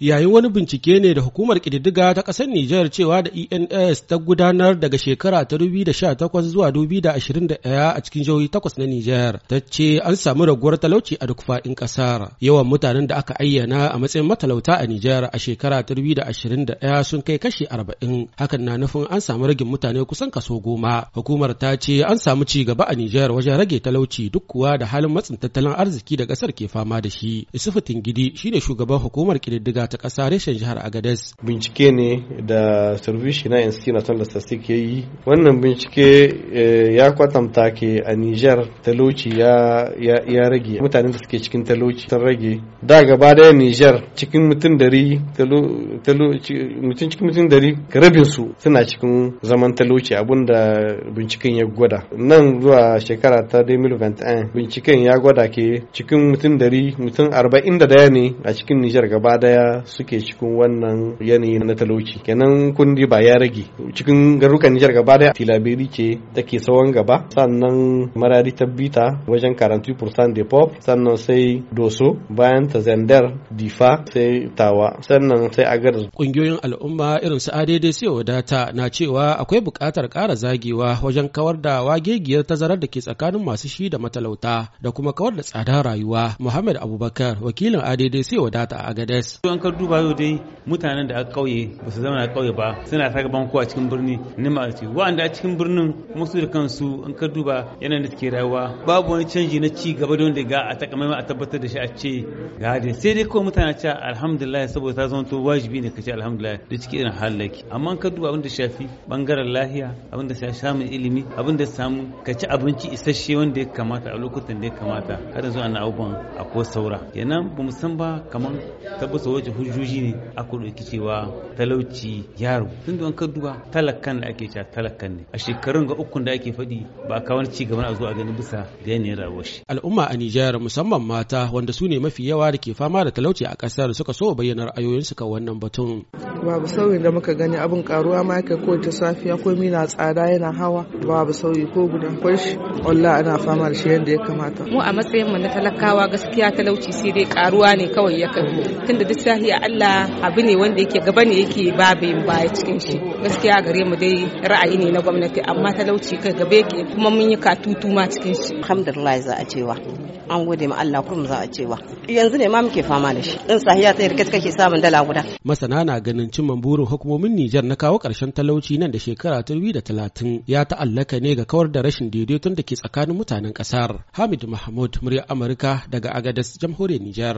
Yayin wani bincike ne da hukumar ƙididdiga ta ƙasar Nijar cewa da ENS ta gudanar daga shekara ta 2018 zuwa 2021 a cikin jihohi takwas na Nijar, ta ce an samu raguwar talauci a duk faɗin ƙasar. Yawan mutanen da aka ayyana a matsayin matalauta a Nijar a shekara ta 2021 sun kai kashi 40, hakan na nufin an samu ragin mutane kusan kaso goma. Hukumar ta ce an samu ci gaba a Nijar wajen rage talauci duk kuwa da halin matsin tattalin arziki da ƙasar ke fama da shi. Isufu Tingidi shine shugaban hukumar ƙididdiga ta ƙasa reshen jihar Agadez. Bincike ne da Service na NC National Statistics ya yi. Wannan bincike eh, ya kwatanta ke a Niger talauci ya rage. Mutanen da suke cikin talauci ta rage. Da gaba daya Niger cikin mutum dari mutum cikin mutum dari rabin su suna cikin zaman talauci abinda binciken ya gwada. Nan zuwa shekara ta 2021 binciken ya gwada ke cikin mutum dari mutum arba'in da daya ne a cikin Nijar gaba daya suke cikin wannan yanayi na talauci kenan kundi ba ya rage cikin garukan Nijar gaba da Tilaberi ce take sawan gaba sannan Maradi bita wajen 40% de pop sannan sai Doso bayan ta Zandar Difa sai Tawa sannan sai agar kungiyoyin al'umma irin su Adede sai wadata na cewa akwai bukatar kara zagewa wajen kawar da wagegiyar tazarar da ke tsakanin masu shi da matalauta da kuma kawar da tsadar rayuwa Muhammad Abubakar wakilin Adede sai wadata a agades ka duba yau dai mutanen da aka kauye ba su zama a kauye ba suna ta gaban kowa cikin birni ni ma ce da a cikin birnin kuma su da kansu in ka duba yanayin da suke rayuwa babu wani canji na ci gaba da wanda ga a takamaimai a tabbatar da shi a ce ga dai sai dai kawai mutane ce alhamdulillah saboda ta zama to wajibi ne ka ce alhamdulillah da cikin irin halaki amma in ka duba abin da shafi bangaren lahiya abin da samun ilimi abin da samu ka ci abinci isasshe wanda ya kamata a lokutan da ya kamata har yanzu ana abubuwan akwai saura kenan bamu san ba kamar tabbasa wajen hujjoji ne a ɗauki cewa talauci yaro tun da kaduwa duba talakan da ake cewa talakan ne a shekarun ga ukun da ake faɗi ba a kawo ci gaba a zo a gani bisa da yanayin rayuwar shi al'umma a Nijar musamman mata wanda su ne mafi yawa da ke fama da talauci a kasar suka so bayyana ra'ayoyin su kan wannan batun babu sauyi da muka gani abin karuwa ma yake ko ta safiya ko mina tsada yana hawa babu sauyi ko guda akwai shi ana fama da shi yadda ya kamata mu a matsayin mu na talakawa gaskiya talauci sai dai karuwa ne kawai ya kai tunda duk ya Allah abu ne wanda yake gaba ne yake babin baya cikin shi gaskiya gare mu dai ra'ayi ne na gwamnati amma talauci kai gaba yake kuma mun yi katutu ma cikin shi alhamdulillah za a cewa an gode ma Allah kurum za a cewa yanzu ne ma muke fama da shi in sahiya sai rike kake samun dala guda masana na ganin cin burin hukumomin Nijar na kawo karshen talauci nan da shekara talatin ya ta'allaka ne ga kawar da rashin daidaiton da ke tsakanin mutanen kasar Hamid Mahmud murya Amerika daga Agadez jamhuriyar Nijar